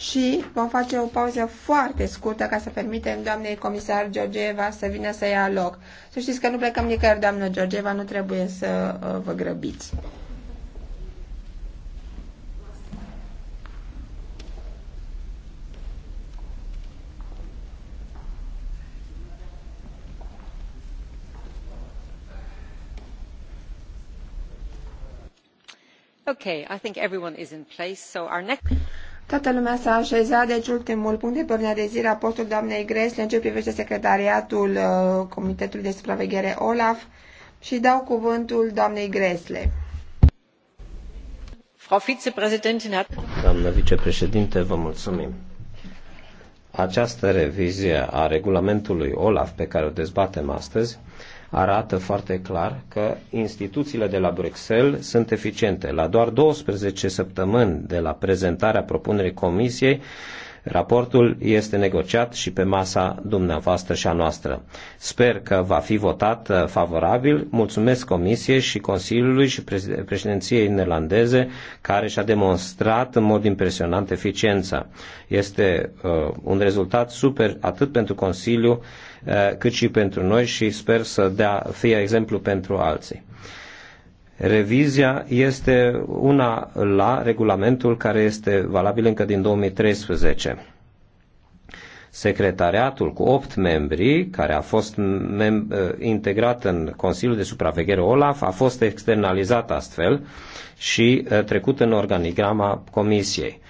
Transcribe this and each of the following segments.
și vom face o pauză foarte scurtă ca să permitem doamnei comisar Georgieva să vină să ia loc. Să știți că nu plecăm nicăieri, doamnă Georgieva, nu trebuie să uh, vă grăbiți. Okay, I think everyone is in place, so our next... Toată lumea s-a așezat, deci ultimul punct de pornire de zi, raportul doamnei Gresle în ce privește secretariatul uh, Comitetului de Supraveghere OLAF și dau cuvântul doamnei Gresle. Doamna vicepreședinte, vă mulțumim. Această revizie a regulamentului OLAF pe care o dezbatem astăzi arată foarte clar că instituțiile de la Bruxelles sunt eficiente. La doar 12 săptămâni de la prezentarea propunerii Comisiei, Raportul este negociat și pe masa dumneavoastră și a noastră. Sper că va fi votat uh, favorabil. Mulțumesc Comisiei și Consiliului și președinției neerlandeze care și-a demonstrat în mod impresionant eficiența. Este uh, un rezultat super atât pentru Consiliu uh, cât și pentru noi și sper să dea fie exemplu pentru alții. Revizia este una la regulamentul care este valabil încă din 2013. Secretariatul cu opt membri, care a fost mem- uh, integrat în Consiliul de Supraveghere OLAF, a fost externalizat astfel și uh, trecut în organigrama Comisiei.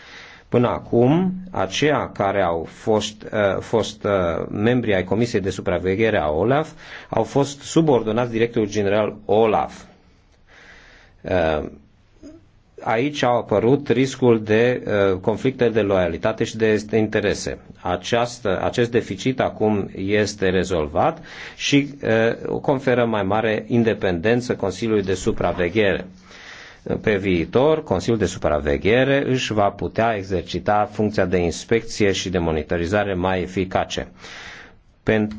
Până acum, aceia care au fost, uh, fost uh, membri ai Comisiei de Supraveghere a OLAF au fost subordonați directorul general OLAF Uh, aici au apărut riscul de uh, conflicte de loialitate și de interese. Această, acest deficit acum este rezolvat și uh, conferă mai mare independență Consiliului de Supraveghere. Pe viitor, Consiliul de Supraveghere își va putea exercita funcția de inspecție și de monitorizare mai eficace. Pentru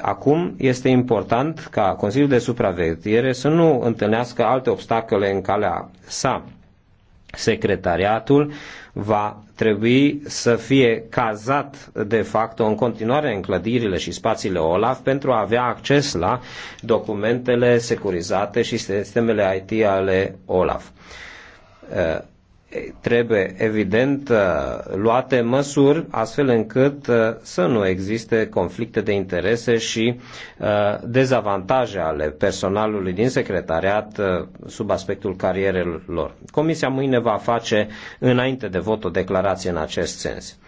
Acum este important ca Consiliul de Supraveghere să nu întâlnească alte obstacole în calea sa. Secretariatul va trebui să fie cazat de fapt în continuare în clădirile și spațiile OLAF pentru a avea acces la documentele securizate și sistemele IT ale OLAF trebuie evident uh, luate măsuri astfel încât uh, să nu existe conflicte de interese și uh, dezavantaje ale personalului din secretariat sub aspectul carierelor lor. Comisia mâine va face înainte de vot o declarație în acest sens.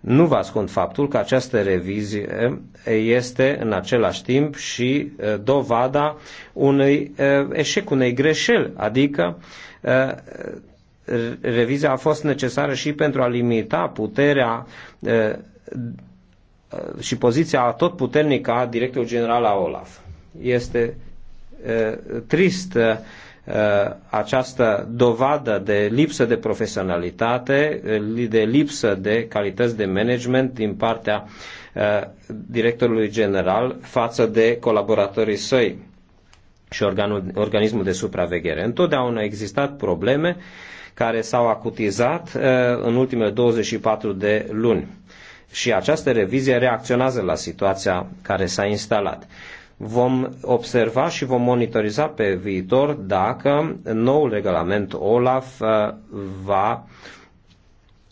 Nu vă ascund faptul că această revizie este în același timp și dovada unui eșec, unei greșeli, adică revizia a fost necesară și pentru a limita puterea și poziția tot puternică a directorului general a OLAF. Este trist această dovadă de lipsă de profesionalitate, de lipsă de calități de management din partea directorului general față de colaboratorii săi și organul, organismul de supraveghere. Întotdeauna au existat probleme uh, care s-au acutizat uh, în ultimele 24 de luni. Și această revizie reacționează la situația care s-a instalat vom observa și vom monitoriza pe viitor dacă noul regulament OLAF uh, va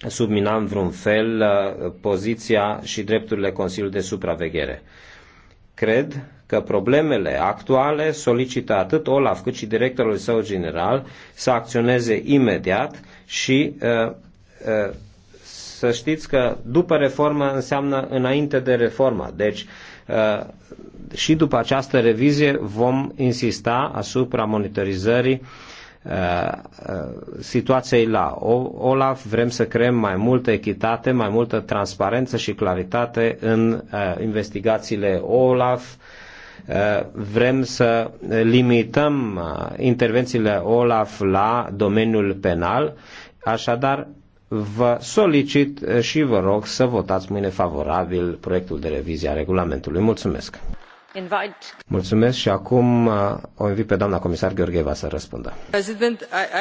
submina în vreun fel uh, poziția și drepturile Consiliului de Supraveghere. Cred că problemele actuale solicită atât Olaf cât și directorul său general să acționeze imediat și uh, uh, să știți că după reformă înseamnă înainte de reformă. Deci uh, și după această revizie vom insista asupra monitorizării situației la OLAF, vrem să creăm mai multă echitate, mai multă transparență și claritate în investigațiile OLAF, Eh, vrem să limităm eh, intervențiile OLAF la domeniul penal, așadar vă solicit eh, și vă rog să votați mâine favorabil proiectul de revizie a regulamentului. Mulțumesc! Invite. Mulțumesc și acum o invit pe doamna comisar Gheorgheva să răspundă. I,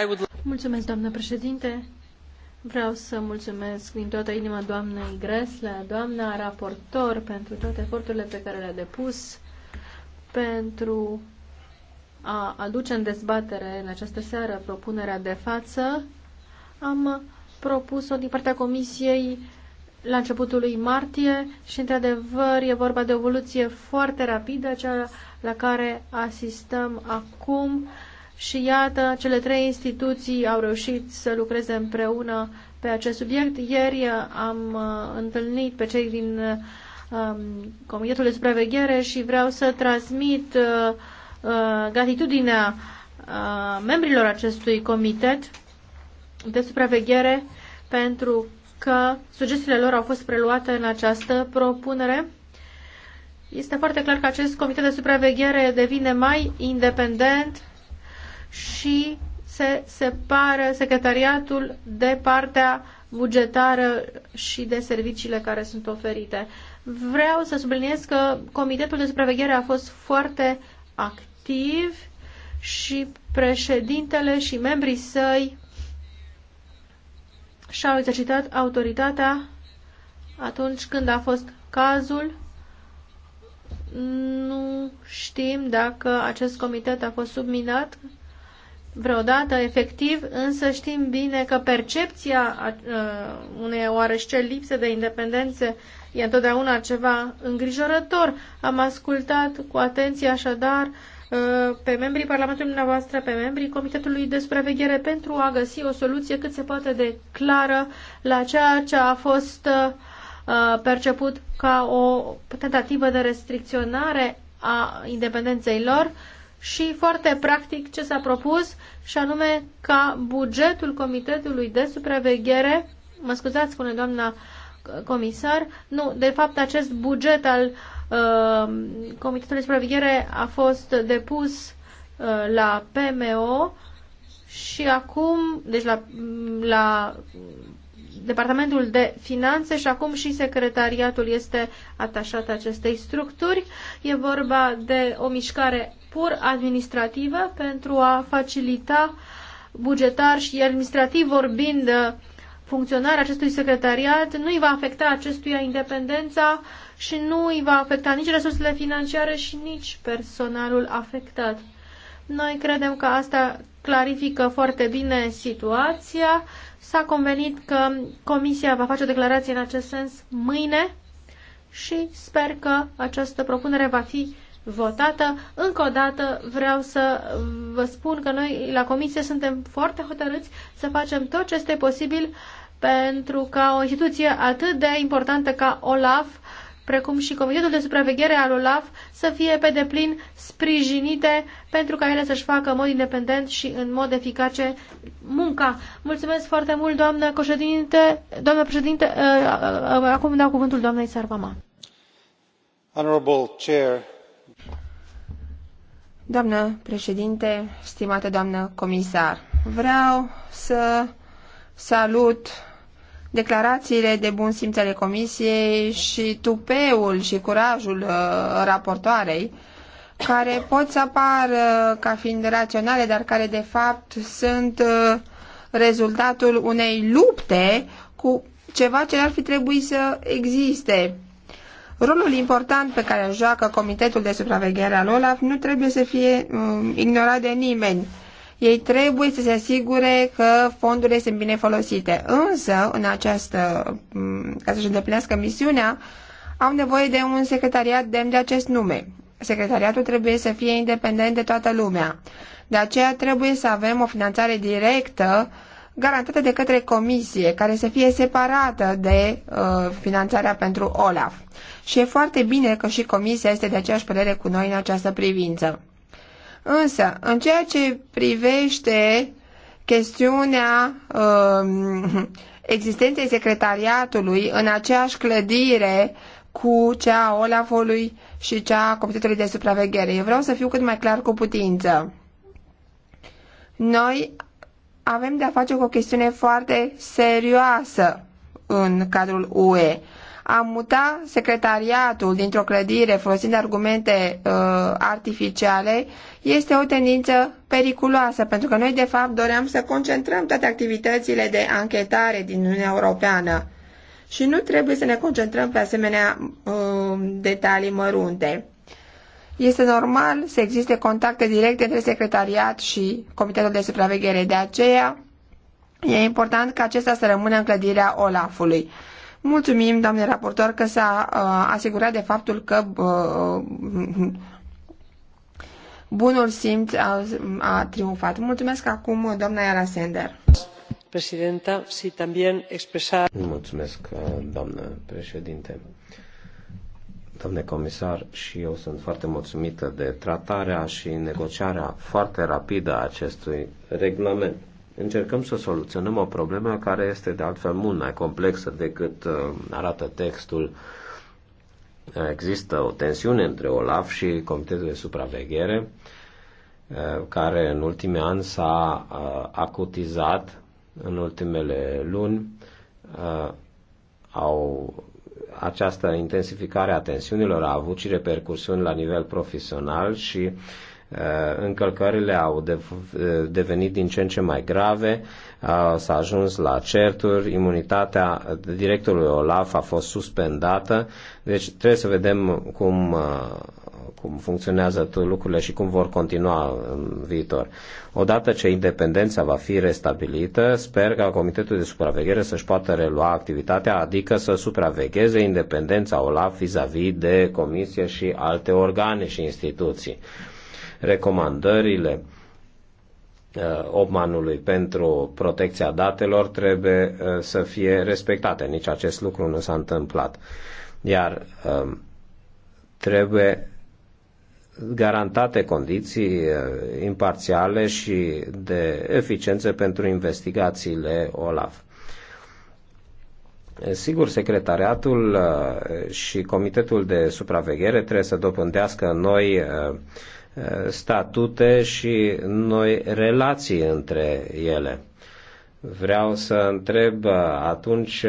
I would... Mulțumesc, doamnă președinte. Vreau să mulțumesc din toată inima doamnei Gresle, doamna raportor, pentru toate eforturile pe care le-a depus pentru a aduce în dezbatere în această seară propunerea de față, am propus-o din partea Comisiei la începutul lui martie și, într-adevăr, e vorba de o evoluție foarte rapidă, cea la care asistăm acum și, iată, cele trei instituții au reușit să lucreze împreună pe acest subiect. Ieri am uh, întâlnit pe cei din Um, Comitetul de Supraveghere și vreau să transmit uh, uh, gratitudinea uh, membrilor acestui comitet de supraveghere pentru că sugestiile lor au fost preluate în această propunere. Este foarte clar că acest comitet de supraveghere devine mai independent și se separă secretariatul de partea bugetară și de serviciile care sunt oferite. Vreau să subliniez că Comitetul de Supraveghere a fost foarte activ și președintele și membrii săi și-au exercitat autoritatea atunci când a fost cazul. Nu știm dacă acest comitet a fost subminat vreodată efectiv, însă știm bine că percepția unei oarește lipse de independență e întotdeauna ceva îngrijorător. Am ascultat cu atenție așadar pe membrii Parlamentului dumneavoastră, pe membrii Comitetului de Supraveghere pentru a găsi o soluție cât se poate de clară la ceea ce a fost perceput ca o tentativă de restricționare a independenței lor și foarte practic ce s-a propus și anume ca bugetul Comitetului de Supraveghere, mă scuzați, spune doamna comisar, nu, de fapt acest buget al uh, Comitetului de Supraveghere a fost depus uh, la PMO și acum, deci la, la Departamentul de Finanțe și acum și secretariatul este atașat acestei structuri. E vorba de o mișcare pur administrativă pentru a facilita bugetar și administrativ vorbind uh, funcționarea acestui secretariat, nu îi va afecta acestuia independența și nu îi va afecta nici resursele financiare și nici personalul afectat. Noi credem că asta clarifică foarte bine situația. S-a convenit că Comisia va face o declarație în acest sens mâine și sper că această propunere va fi votată. Încă o dată vreau să vă spun că noi la comisie suntem foarte hotărâți să facem tot ce este posibil pentru ca o instituție atât de importantă ca OLAF, precum și Comitetul de Supraveghere al OLAF, să fie pe deplin sprijinite pentru ca ele să-și facă în mod independent și în mod eficace munca. Mulțumesc foarte mult, doamnă președinte. Doamnă președinte, uh, uh, uh, acum dau cuvântul doamnei Sarvama. Honorable Chair, Doamnă președinte, stimată doamnă comisar, vreau să salut declarațiile de bun simț ale comisiei și tupeul și curajul uh, raportoarei, care pot să apară ca fiind raționale, dar care de fapt sunt uh, rezultatul unei lupte cu ceva ce ar fi trebuit să existe Rolul important pe care îl joacă Comitetul de Supraveghere al OLAF nu trebuie să fie um, ignorat de nimeni. Ei trebuie să se asigure că fondurile sunt bine folosite. Însă, în această, um, ca să-și îndeplinească misiunea, au nevoie de un secretariat demn de acest nume. Secretariatul trebuie să fie independent de toată lumea. De aceea trebuie să avem o finanțare directă uh, garantată de către comisie, care să fie separată de uh, finanțarea pentru OLAF. Și e foarte bine că și comisia este de aceeași părere cu noi în această privință. Însă, în ceea ce privește chestiunea uh, existenței secretariatului în aceeași clădire cu cea a Olafului și cea a Comitetului de Supraveghere. Eu vreau să fiu cât mai clar cu putință. Noi avem de-a face cu o chestiune foarte serioasă în cadrul UE. A muta secretariatul dintr-o clădire folosind argumente uh, artificiale este o tendință periculoasă, pentru că noi, de fapt, doream să concentrăm toate activitățile de anchetare din Uniunea Europeană și nu trebuie să ne concentrăm pe asemenea uh, detalii mărunte. Este normal să existe contacte directe între secretariat și Comitetul de Supraveghere. De aceea, e important ca acesta să rămână în clădirea Olafului. Mulțumim, doamne raportor, că s-a uh, asigurat de faptul că uh, bunul simț a, a triumfat. Mulțumesc acum, doamna Iara Sender. Presidenta, si también expresar... Mulțumesc, uh, doamnă președinte. Domnule comisar, și eu sunt foarte mulțumită de tratarea și negociarea foarte rapidă a acestui regulament. Încercăm să soluționăm o problemă care este de altfel mult mai complexă decât uh, arată textul. Există o tensiune între OLAF și Comitetul de Supraveghere, uh, care în ultimii ani s-a uh, acutizat în ultimele luni. Au această intensificare a tensiunilor a avut și repercursiuni la nivel profesional și uh, încălcările au uh, devenit din ce în ce mai grave, uh, s-a ajuns la certuri, imunitatea directorului Olaf a fost suspendată, deci trebuie să vedem cum cum funcționează lucrurile și cum vor continua în viitor. Odată ce independența va fi restabilită, sper ca Comitetul de Supraveghere să-și poată relua activitatea, adică să supravegheze independența OLAF vis-a-vis -vis de comisie și alte organe și instituții. Recomandările uh, obmanului pentru protecția datelor trebuie uh, să fie respectate. Nici acest lucru nu s-a întâmplat. Iar uh, trebuie garantate condiții eh, imparțiale și de eficiență pentru investigațiile OLAF. Eh, sigur, secretariatul eh, și comitetul de supraveghere trebuie să dobândească noi statute și noi relații între ele. Vreau să întreb uh, atunci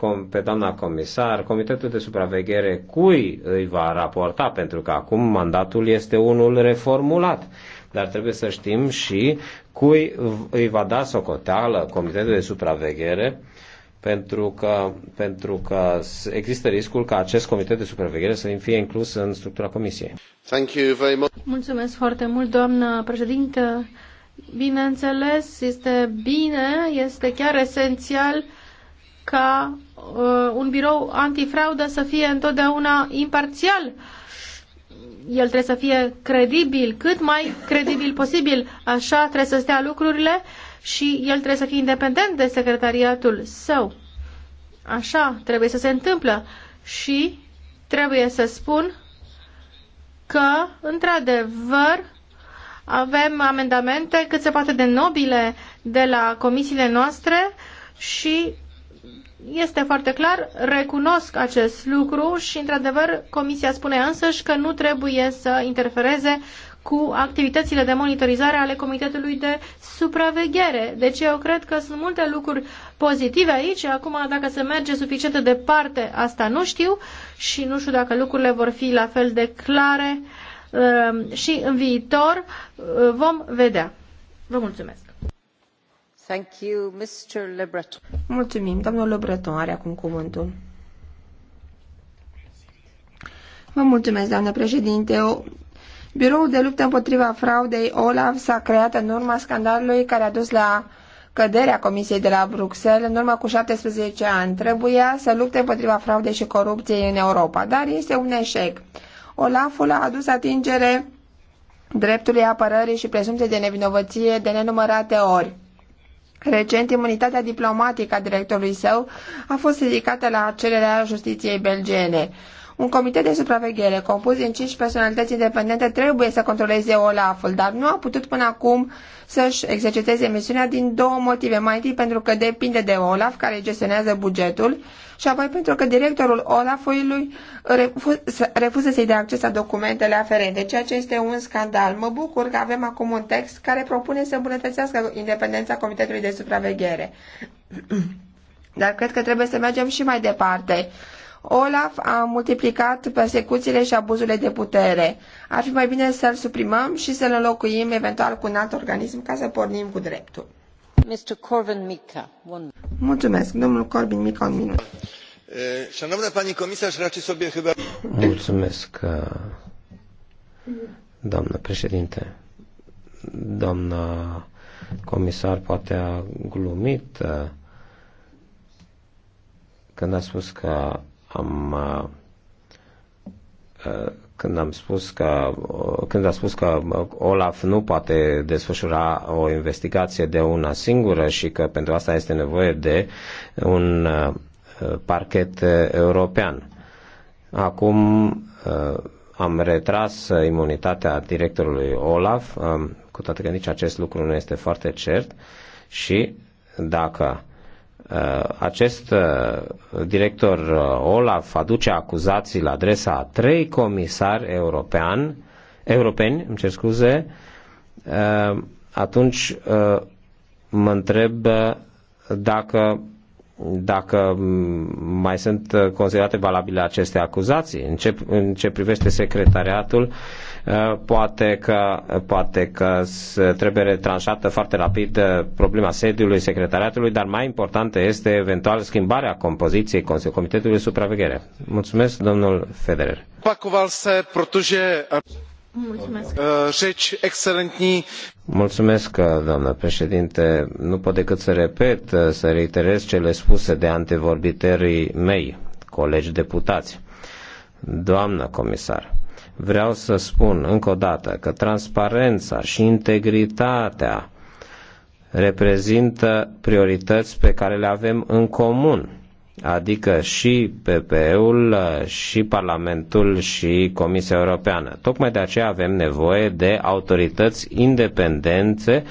uh, pe doamna comisar, Comitetul de Supraveghere cui îi va raporta, pentru că acum mandatul este unul reformulat, dar trebuie să știm și cui îi va da socoteală Comitetul de Supraveghere, pentru că, pentru că există riscul ca acest Comitet de Supraveghere să fie inclus în structura Comisiei. Mulțumesc foarte mult, doamnă președintă bineînțeles, este bine, este chiar esențial ca uh, un birou antifraudă să fie întotdeauna imparțial. El trebuie să fie credibil, cât mai credibil posibil. Așa trebuie să stea lucrurile și el trebuie să fie independent de secretariatul său. Așa trebuie să se întâmplă. Și trebuie să spun că, într-adevăr, avem amendamente cât se poate de nobile de la comisiile noastre și este foarte clar, recunosc acest lucru și, într-adevăr, Comisia spune însăși că nu trebuie să interfereze cu activitățile de monitorizare ale Comitetului de Supraveghere. Deci eu cred că sunt multe lucruri pozitive aici. Acum, dacă se merge suficient de departe, asta nu știu și nu știu dacă lucrurile vor fi la fel de clare uh, Ehm, și în viitor eh, vom vedea. Vă mulțumesc. Thank you, Mr. Le Breton. Mulțumim. Domnul Le Breton are acum cuvântul. Vă mulțumesc, doamnă președinte. Biroul de luptă împotriva fraudei OLAF s-a creat în urma scandalului care a dus la căderea Comisiei de la Bruxelles în urmă cu 17 ani. Trebuia să lupte împotriva fraudei și corupției în Europa, dar este un eșec. Olaful a adus atingere dreptului apărării și presumției de nevinovăție de nenumărate ori. Recent, imunitatea diplomatică a directorului său a fost ridicată la cererea justiției belgene. Un comitet de supraveghere compus din 5 personalități independente trebuie să controleze Olaful, dar nu a putut până acum să-și exerciteze misiunea din două motive. Mai întâi pentru că depinde de Olaf, care gestionează bugetul, și apoi pentru că directorul Olafului refuz, refuză să-i dea acces la documentele aferente, ceea ce este un scandal. Mă bucur că avem acum un text care propune să îmbunătățească independența Comitetului de Supraveghere. Dar cred că trebuie să mergem și mai departe Olaf a multiplicat persecuțiile și abuzurile de putere. Ar fi mai bine să-l suprimăm și să-l înlocuim eventual cu un alt organism ca să pornim cu dreptul. Mr. Corvin Mica, one... Mulțumesc, domnul Corbin Mica, un minut. Szanowna pani komisarz, raczy sobie chyba... Mulțumesc, uh, doamnă președinte. Doamna comisar poate a glumit uh, când a spus că am uh, uh, când am spus că uh, când a spus că Olaf nu poate desfășura o investigație de una singură și că pentru asta este nevoie de un parchet european. Acum am retras imunitatea directorului Olaf, um, cu toate că nici acest lucru nu este foarte cert și dacă uh, Uh, acest uh, director uh, Olaf aduce acuzații la adresa a trei comisari european, europeni, îmi cer scuze, atunci mă întreb dacă, dacă mm, mai sunt considerate valabile aceste acuzații. În ce, în ce privește secretariatul, poate că, poate că trebuie retranșată foarte rapid uh, problema sediului secretariatului, dar mai importantă este eventual schimbarea compoziției Comitetului Supraveghere. Mulțumesc, domnul Federer. Opacoval se, protože uh, Mulțumesc. Uh, řeč excelentní. Mulțumesc, doamnă președinte. Nu pot decât să repet, să reiterez cele spuse de antevorbitorii mei, colegi deputați. Doamnă comisar, Vreau să spun încă o dată că transparența și integritatea reprezintă priorități pe care le avem în comun, adică și PPE-ul, și Parlamentul, și Comisia Europeană. Tocmai de aceea avem nevoie de autorități independente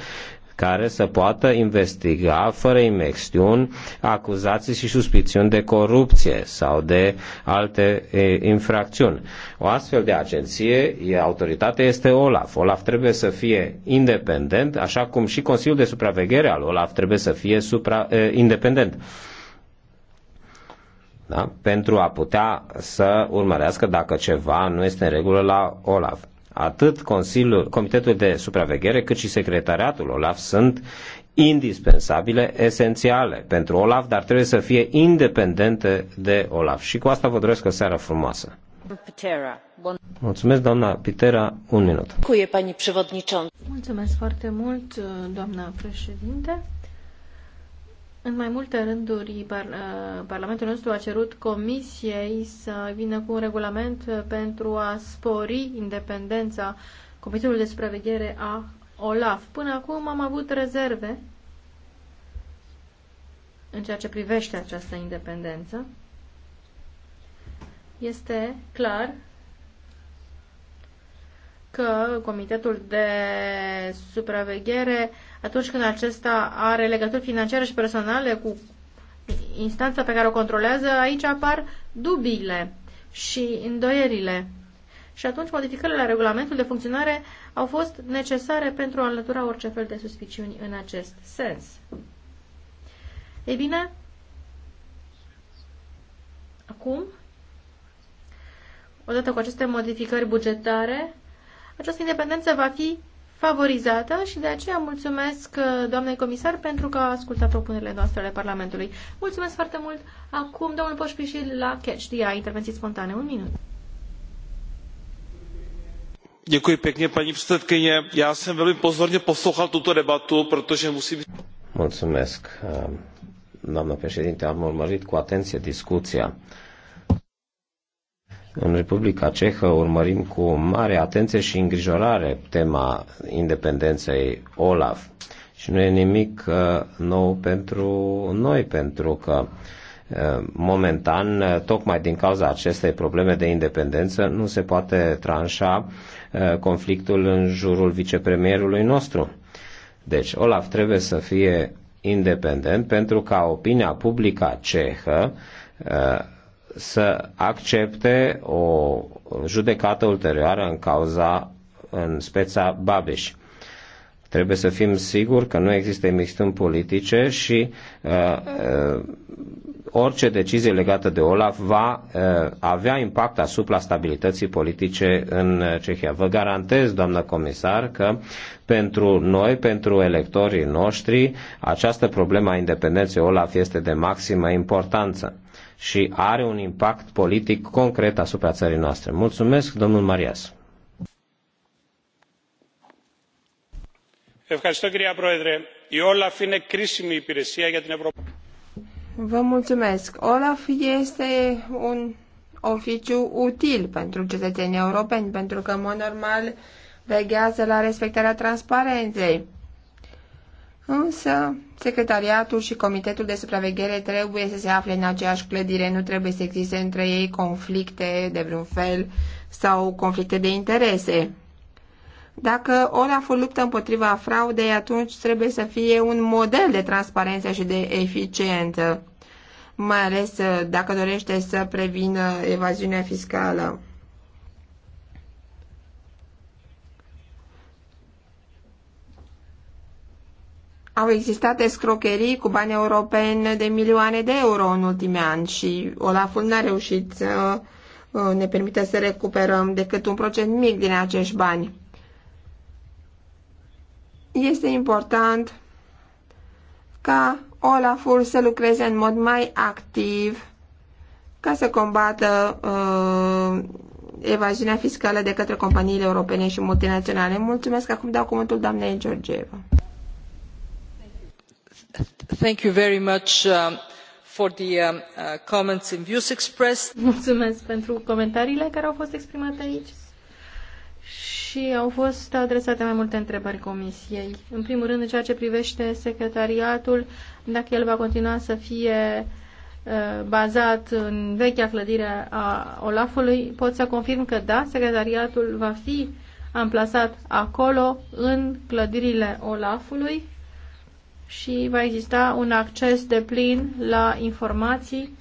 care să poată investiga fără imexiuni acuzații și suspiciuni de corupție sau de alte infracțiuni. O astfel de agenție, autoritate este OLAF. OLAF trebuie să fie independent, așa cum și Consiliul de Supraveghere al OLAF trebuie să fie supra, independent da? pentru a putea să urmărească dacă ceva nu este în regulă la Olaf. Atât Consiliul, Comitetul de Supraveghere cât și Secretariatul OLAF sunt indispensabile, esențiale pentru OLAF, dar trebuie să fie independente de OLAF. Și cu asta vă doresc o seară frumoasă. Pitera. bon. Mulțumesc, doamna Pitera. Un minut. pani Mulțumesc foarte mult, doamna președinte. În mai multe rânduri, uh, Parlamentul nostru a cerut Comisiei să vină cu un regulament pentru a spori independența Comitetului de Supraveghere a OLAF. Până acum am avut rezerve în ceea ce privește această independență. Este clar că Comitetul de Supraveghere uh, atunci când acesta are legături financiare și personale cu instanța pe care o controlează, aici apar dubiile și îndoierile. Și atunci modificările la regulamentul de funcționare au fost necesare pentru a înlătura orice fel de suspiciuni în acest sens. Ei bine, acum, odată cu aceste modificări bugetare, această independență va fi favorizată și de aceea mulțumesc uh, doamnei comisar pentru că a ascultat propunerile noastre ale Parlamentului. Mulțumesc foarte mult. Acum, domnul Poșpiși, la Catch Eye, intervenții spontane. Un minut. Děkuji pěkně, paní předsedkyně. Já jsem velmi pozorně poslouchal tuto debatu, protože musím... Mulțumesc, uh, doamnă președinte. Am urmărit cu atenție discuția în Republica Cehă urmărim cu mare atenție și îngrijorare tema independenței OLAF. Și nu e nimic uh, nou pentru noi, pentru că uh, momentan, uh, tocmai din cauza acestei probleme de independență, nu se poate tranșa conflictul în jurul vicepremierului nostru. Deci, Olaf trebuie să fie independent pentru ca opinia publică cehă să accepte o judecată ulterioară în cauza în speța Babeș. Trebuie să fim siguri că nu există imixtuni politice și uh, uh, orice decizie legată de Olaf va uh, avea impact asupra stabilității politice în uh, Cehia. Vă garantez, doamnă comisar, că pentru noi, pentru electorii noștri, această problemă a independenței Olaf este de maximă importanță și are un impact politic concret asupra țării noastre. Mulțumesc, domnul Marias. Vă mulțumesc. Olaf este un oficiu util pentru cetățenii europeni, pentru că, în mod normal, veghează la respectarea transparenței Însă, secretariatul și comitetul de supraveghere trebuie să se afle în aceeași clădire, nu trebuie să existe între ei conflicte de vreun fel sau conflicte de interese. Dacă Olaful luptă împotriva fraudei, atunci trebuie să fie un model de transparență și de eficiență, mai ales uh, dacă dorește să prevină evaziunea fiscală. Au existat escrocherii cu bani europeni de milioane de euro în ultimii ani și Olaful n-a reușit să uh, ne permite să recuperăm decât un procent mic din acești bani. Este important ca Olaful să lucreze în mod mai activ ca să combată uh, evaziunea fiscală de către companiile europene și multinaționale. Mulțumesc, acum dau cuvântul doamnei Georgieva. Mulțumesc pentru comentariile care au fost exprimate aici și au fost adresate mai multe întrebări comisiei. În primul rând, în ceea ce privește secretariatul, dacă el va continua să fie uh, bazat în vechea clădire a Olafului, pot să confirm că da, secretariatul va fi amplasat acolo, în clădirile Olafului și va exista un acces de plin la informații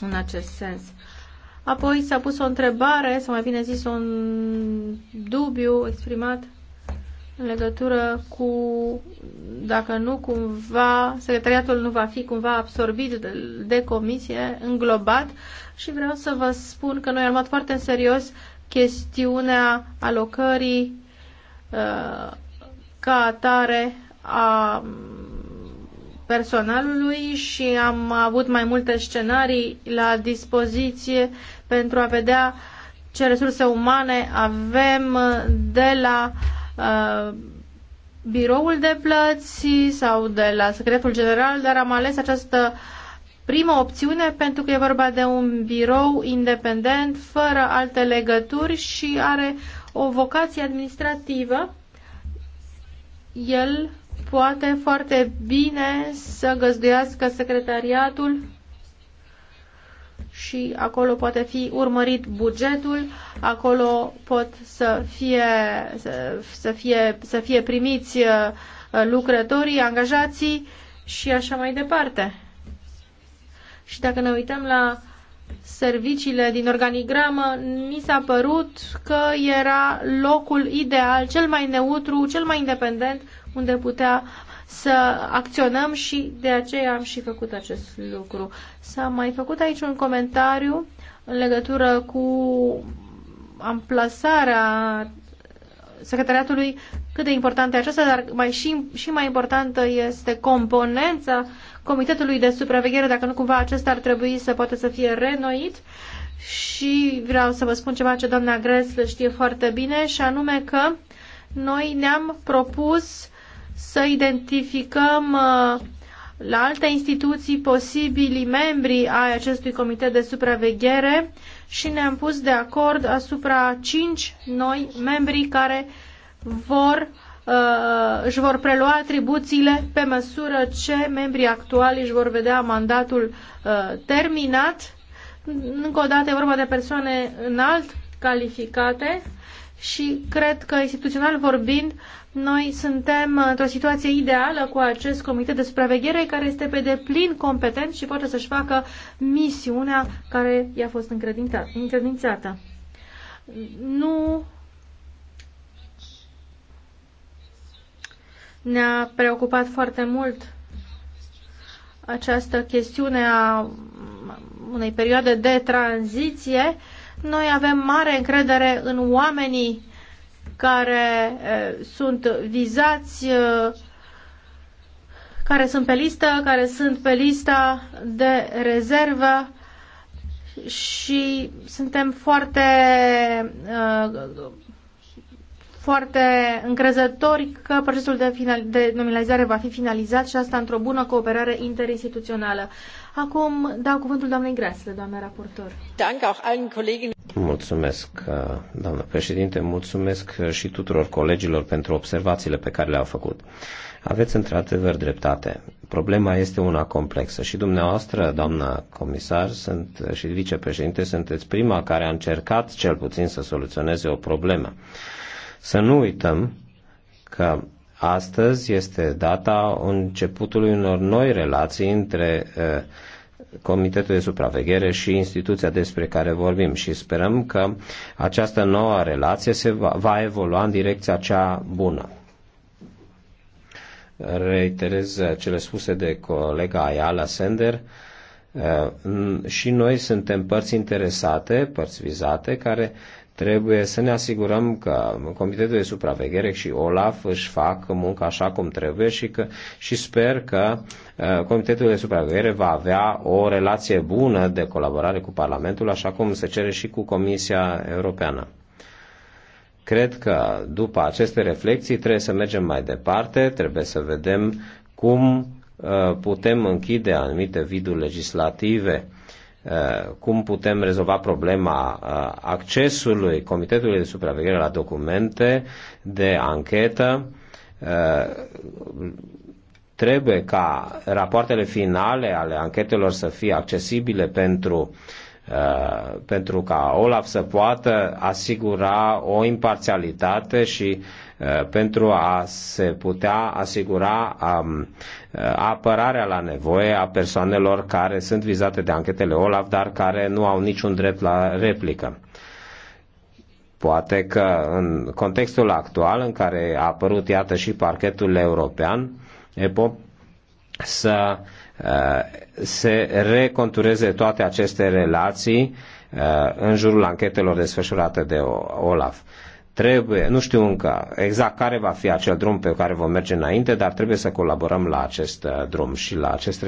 în acest sens. Apoi s-a pus o întrebare, sau mai bine zis un dubiu exprimat în legătură cu dacă nu cumva, secretariatul nu va fi cumva absorbit de, de comisie, înglobat și vreau să vă spun că noi am luat foarte în serios chestiunea alocării uh, ca atare a personalului și am avut mai multe scenarii la dispoziție pentru a vedea ce resurse umane avem de la uh, biroul de plăți sau de la secretul general, dar am ales această primă opțiune pentru că e vorba de un birou independent, fără alte legături și are o vocație administrativă. El poate foarte bine să găzduiască secretariatul și acolo poate fi urmărit bugetul, acolo pot să fie, să, să fie, să fie primiți uh, lucrătorii, angajații și așa mai departe. Și dacă ne uităm la serviciile din organigramă, mi s-a părut că era locul ideal, cel mai neutru, cel mai independent, unde putea să acționăm și de aceea am și făcut acest lucru. S-a mai făcut aici un comentariu în legătură cu amplasarea secretariatului, cât de importantă e aceasta, dar mai și, și mai importantă este componența Comitetului de Supraveghere, dacă nu cumva acesta ar trebui să poată să fie renoit. Și vreau să vă spun ceva ce doamna Gres știe foarte bine, și anume că noi ne-am propus să identificăm uh, la alte instituții posibili membri ai acestui comitet de supraveghere și ne-am pus de acord asupra cinci noi membri care vor, uh, își vor prelua atribuțiile pe măsură ce membrii actuali își vor vedea mandatul uh, terminat. Încă o dată e vorba de persoane înalt calificate și cred că, instituțional vorbind, noi suntem într-o situație ideală cu acest comitet de supraveghere care este pe deplin competent și poate să-și facă misiunea care i-a fost încredințată. Nu ne-a preocupat foarte mult această chestiune a unei perioade de tranziție noi avem mare încredere în oamenii care sunt vizați, care sunt pe listă, care sunt pe lista de rezervă și suntem foarte foarte încrezători că procesul de, final, de nominalizare va fi finalizat și asta într-o bună cooperare interinstituțională. Acum dau cuvântul doamnei Grasle, doamna raportor. Mulțumesc, uh, doamnă președinte, mulțumesc uh, și tuturor colegilor pentru observațiile pe care le-au făcut. Aveți într-adevăr dreptate. Problema este una complexă și dumneavoastră, doamna comisar sunt, uh, și vicepreședinte, sunteți prima care a încercat cel puțin să soluționeze o problemă. Să nu uităm că Astăzi este data începutului unor noi relații între uh, Comitetul de Supraveghere și instituția despre care vorbim și sperăm că această nouă relație se va, va evolua în direcția cea bună. Reiterez cele spuse de colega Ayala Sender. Uh, și noi suntem părți interesate, părți vizate, care Trebuie să ne asigurăm că Comitetul de Supraveghere și OLAF își fac munca așa cum trebuie și, că, și sper că uh, Comitetul de Supraveghere va avea o relație bună de colaborare cu Parlamentul, așa cum se cere și cu Comisia Europeană. Cred că după aceste reflexii trebuie să mergem mai departe, trebuie să vedem cum uh, putem închide anumite viduri legislative Uh, cum putem rezolva problema uh, accesului Comitetului de Supraveghere la documente de anchetă. Uh, trebuie ca rapoartele finale ale anchetelor să fie accesibile pentru uh, Uh, pentru ca Olaf să poată asigura o imparțialitate și uh, pentru a se putea asigura um, uh, apărarea la nevoie a persoanelor care sunt vizate de anchetele Olaf, dar care nu au niciun drept la replică. Poate că în contextul actual în care a apărut, iată, și parchetul european, EPO, să uh, Uh, se recontureze toate aceste relații uh, în jurul anchetelor desfășurate de Olaf. Trebuie, nu știu încă exact care va fi acel drum pe care vom merge înainte, dar trebuie să colaborăm la acest uh, drum și la acest